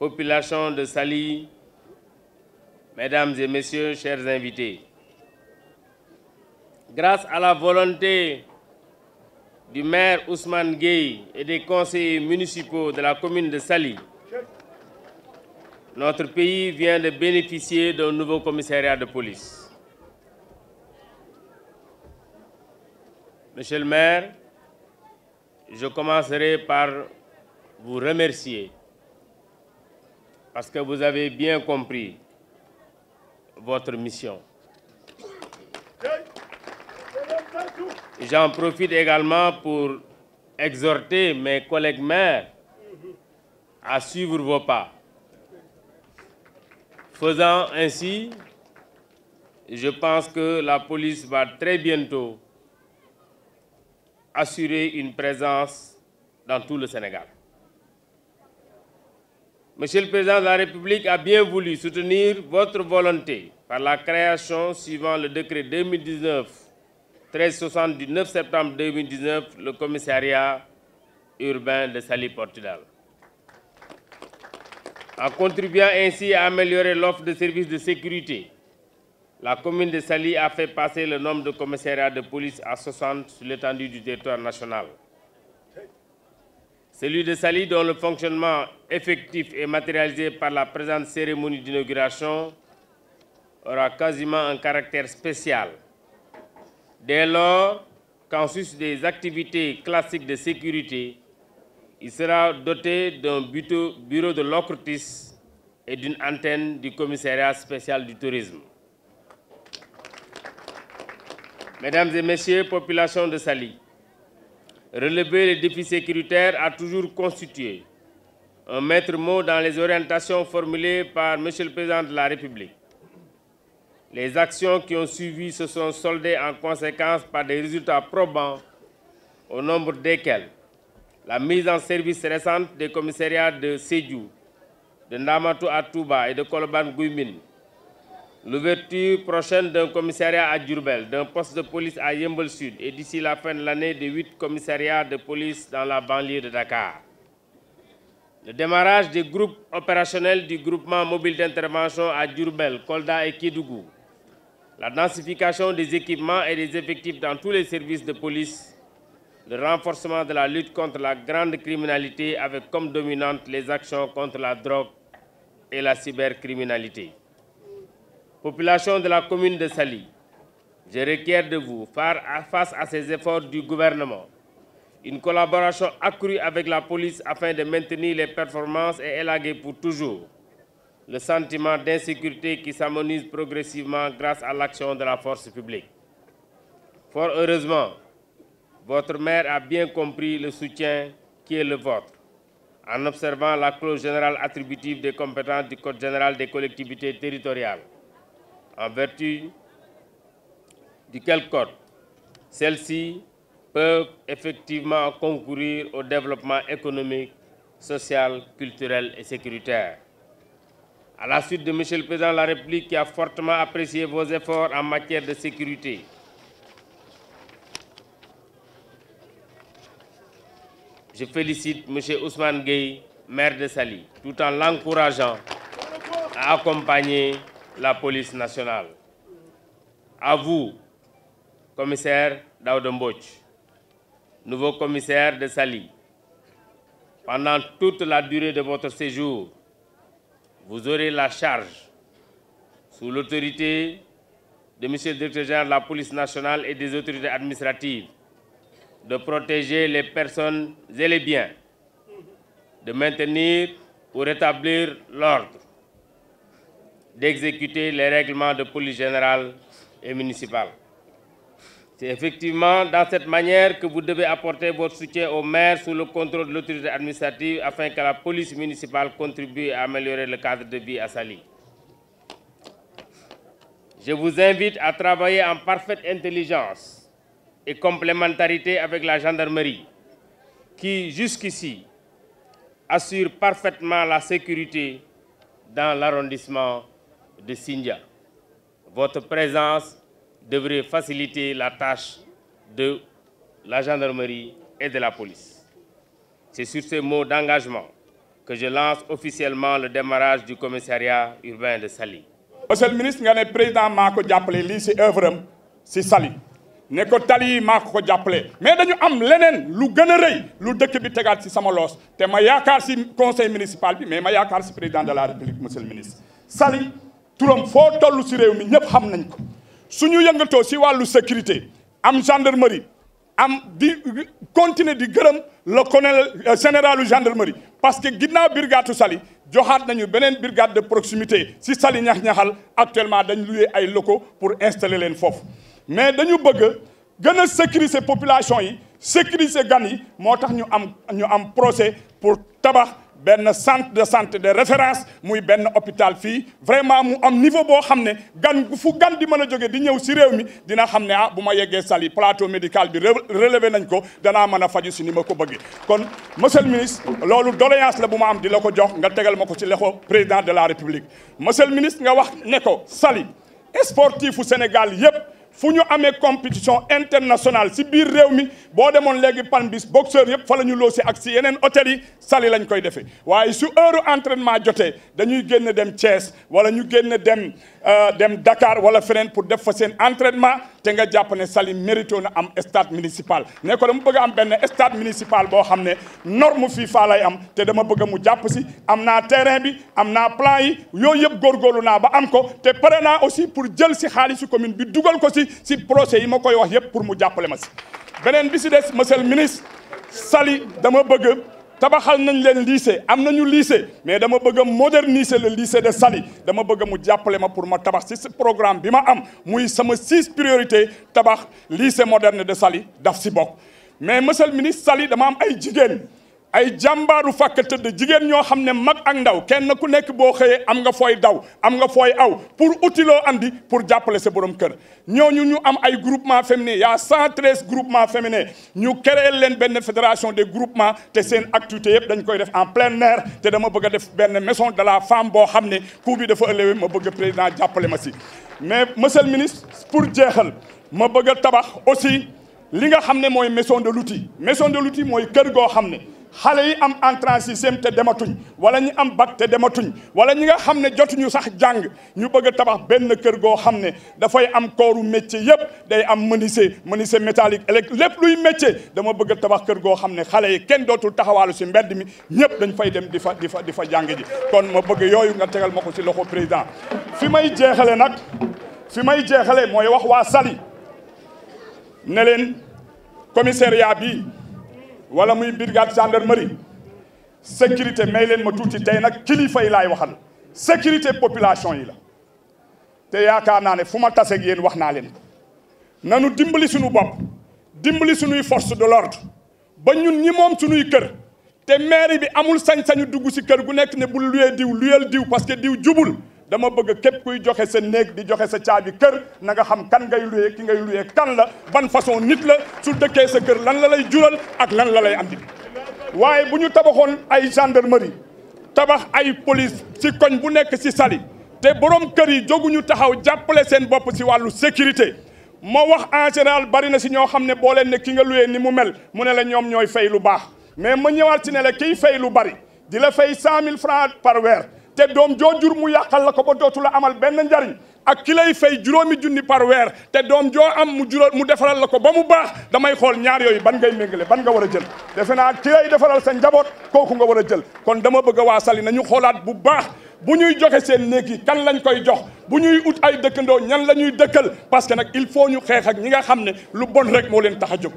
population de Sali, mesdames et messieurs, chers invités, grâce à la volonté du maire Ousmane Gueye et des conseillers municipaux de la commune de Sali, notre pays vient de bénéficier d'un nouveau commissariat de police. Monsieur le maire, je commencerai par vous remercier parce que vous avez bien compris votre mission. J'en profite également pour exhorter mes collègues maires à suivre vos pas. Faisant ainsi, je pense que la police va très bientôt assurer une présence dans tout le Sénégal. Monsieur le Président de la République a bien voulu soutenir votre volonté par la création, suivant le décret 2019-1360 du 9 septembre 2019, le commissariat urbain de Sali-Portugal. En contribuant ainsi à améliorer l'offre de services de sécurité, la commune de Sali a fait passer le nombre de commissariats de police à 60 sur l'étendue du territoire national celui de Sali dont le fonctionnement effectif est matérialisé par la présente cérémonie d'inauguration aura quasiment un caractère spécial. Dès lors qu'en sus des activités classiques de sécurité, il sera doté d'un bureau de l'OCRTIS et d'une antenne du commissariat spécial du tourisme. Mesdames et messieurs, population de Sali, relever les défis sécuritaires a toujours constitué un maître mot dans les orientations formulées par M. le Président de la République. Les actions qui ont suivi se sont soldées en conséquence par des résultats probants, au nombre desquels la mise en service récente des commissariats de Sédiou, de Namato Atouba et de Koloban Gouimine, L'ouverture prochaine d'un commissariat à Durbel, d'un poste de police à Yembel Sud et d'ici la fin de l'année de huit commissariats de police dans la banlieue de Dakar. Le démarrage des groupes opérationnels du groupement mobile d'intervention à Durbel, Kolda et Kidougou. La densification des équipements et des effectifs dans tous les services de police. Le renforcement de la lutte contre la grande criminalité avec comme dominante les actions contre la drogue et la cybercriminalité. Population de la commune de Sali, je requiers de vous, face à ces efforts du gouvernement, une collaboration accrue avec la police afin de maintenir les performances et élaguer pour toujours le sentiment d'insécurité qui s'harmonise progressivement grâce à l'action de la force publique. Fort heureusement, votre maire a bien compris le soutien qui est le vôtre en observant la clause générale attributive des compétences du Code général des collectivités territoriales en vertu duquel code celles-ci peuvent effectivement concourir au développement économique, social, culturel et sécuritaire. À la suite de M. le Président de la République qui a fortement apprécié vos efforts en matière de sécurité, je félicite M. Ousmane Gueye, maire de Sali, tout en l'encourageant à accompagner la police nationale. À vous, commissaire Daudemboch, nouveau commissaire de Sali, pendant toute la durée de votre séjour, vous aurez la charge, sous l'autorité de M. le directeur général de la police nationale et des autorités administratives, de protéger les personnes et les biens, de maintenir ou rétablir l'ordre, d'exécuter les règlements de police générale et municipale. C'est effectivement dans cette manière que vous devez apporter votre soutien au maire sous le contrôle de l'autorité administrative afin que la police municipale contribue à améliorer le cadre de vie à Sali. Je vous invite à travailler en parfaite intelligence et complémentarité avec la gendarmerie qui, jusqu'ici, assure parfaitement la sécurité dans l'arrondissement de Sindia. Votre présence devrait faciliter la tâche de la gendarmerie et de la police. C'est sur ces mots d'engagement que je lance officiellement le démarrage du commissariat urbain de Sali. Monsieur le ministre nga le président Marco ko jàppale ci œuvre ci Sali ne ko tali mako ko mais dañu am lenen lu gëna reuy lu dëkk bi tégal ci sama loss té ma yaakaar ci conseil municipal bi mais ma ci président de la république monsieur le ministre Sali turam fo toll ci réew mi xam nañ ko suñu yëngato si walu sécurité am gendarmerie am di continuer di le colonel euh, gendarmerie parce que brigade sali joxat nañu benen brigade de proximité si Sali ñax-ñaxal actuellement dañ ay locaux pour installer len fof mais dañu bëgg gëna population yi sécuriser gan yi procès pour tabac ben centre de santé de référence muy ben hôpital fi vraiment mu am niveau bo xamné ne gan fu gan di mën a di ñëw ci réew mi dina xamné ah buma sali plateau médical bi relevé nañ ko dana mën a faju si ni ma kon monsieur le ministre lolu doléance la buma am di la ko jox nga tégal mako ci lexo président de la république monsieur le ministre nga wax né ko sali sportif au Sénégal yépp fu ñu amee compétition internationale si biir réew mi boo demoon léegi Pan Bis boxeur yëpp fa la ñu loosi ak si yeneen hôtel yi sali lañ koy defee waaye su heure entraînement jotee dañuy génn dem Thiès wala ñu génn dem euh, dem Dakar wala feneen pour def fa seen entraînement te nga jàpp ne Saly mérito na am stade municipal ne ko dama bëgg a am benn stade municipal boo xam ne norme FIFA lay am te dama bëgg mu jàpp si am naa terrain bi am naa plan yi yooyu yëpp góorgóorlu naa ba am ko te pare naa aussi pour jël si xaalisu commune bi dugal ko si si projet yi ma koy wax yëpp pour mu jàppale ma si beneen bi si des ma le ministre sali dama bëgg tabaxal nañ leen lycée am lycée mais je bëgg moderniser le lycée de Sali. dama bëgg mu jàppale ma pour ma tabax programme bi am muy sama six priorités tabax lycée moderne de Sali, daf mais monsieur le ministre Sali, dama am ay ay jàmbaaru fàkk tëdd jigen ñoo xamne ne mag ak ndaw kenn ku nek bo xeye am nga foy daw am nga foy aw pour utiloo andi pour jàppale sa borom keur ñooñu ñu am ay groupement féminin ya 113 groupement féminin ñu créé leen ben fédération des groupements té seen activité yépp dañ koy def en plein air té dama bëgg def ben maison de la femme bo xamne ne bi dafa ëlewé ma bëgg président jàppale ma si mais monsieur le ministre pour jéxal ma bëgg tabax aussi li nga xamne moy maison de l'outil maison de l'outil moy keur go xamne xale yi am entrée sixième te dematuñ wala ñi am bac te dematuñ wala ñi nga xam ne jotuñu sax jàng ñu bëgg tabax benn kër goo xam ne dafay am kooru métier yëpp day am menuisier menuisier métallique élect lépp luy métier dama bëgg tabax kër goo xam ne xale yi kenn dootul taxawaalu si mbedd mi ñëpp dañ fay dem di fa di fa di fa jàng ji kon ma bëgg yooyu nga tegal ma ko si loxo président fi may jeexale nag fi may jeexale mooy wax waa Saly ne leen commissariat bi wala muy brigade gendarmerie sécurité may leen ma tuuti tey nag kilifa yi laay waxan sécurité population yi la te yaakaar naa ne fu ma taseeg yéen wax naa leen nanu dimbali suñu bopp dimbali suñuy force de l'ordre ba ñun ñi moom suñuy kër te mairie bi amul sañ dugg si kër gu nekk ne bu luyee diw luyeel diw parce que diw jubul dama bëgg képp kuy joxe sa néeg di joxe sa caabi kër na xam kan ngay luyee ki ngay luyee kan la ban façon nit la su dëkkee sa kër lan la lay jural ak lan la lay andi waaye bu ñu tabaxoon ay gendarmerie tabax ay police ci koñ bu nekk si Saly te borom kër yi jóguñu taxaw jàppale seen bopp ci wàllu sécurité ma wax en bari na si ñoo xam ne boo leen ne ki nga luyee ni mu mel mu ne la ñoom ñooy fay lu baax mais ma ñëwaat ci ne la kiy fay lu bari di la fay cent mille francs par weer te doom joo joojur mu yàqal la ko ba dootu amal benn njariñ ak ki lay fay juróomi junni par weer te doom joo am mu juróom mu defaral la ko ba mu baax damay xool ñaar yooyu ban ngay méngale ban nga war a jël defe naa ki lay defaral sa njaboot kooku nga war a jël kon dama bëgg a waa Saly nañu xoolaat bu baax bu ñuy joxe seen néeg yi kan lañ koy jox bu ñuy ut ay dëkkandoo ñan la ñuy dëkkal parce que nag il faut ñu xeex ak ñi nga xam ne lu bon rek moo leen tax a jóg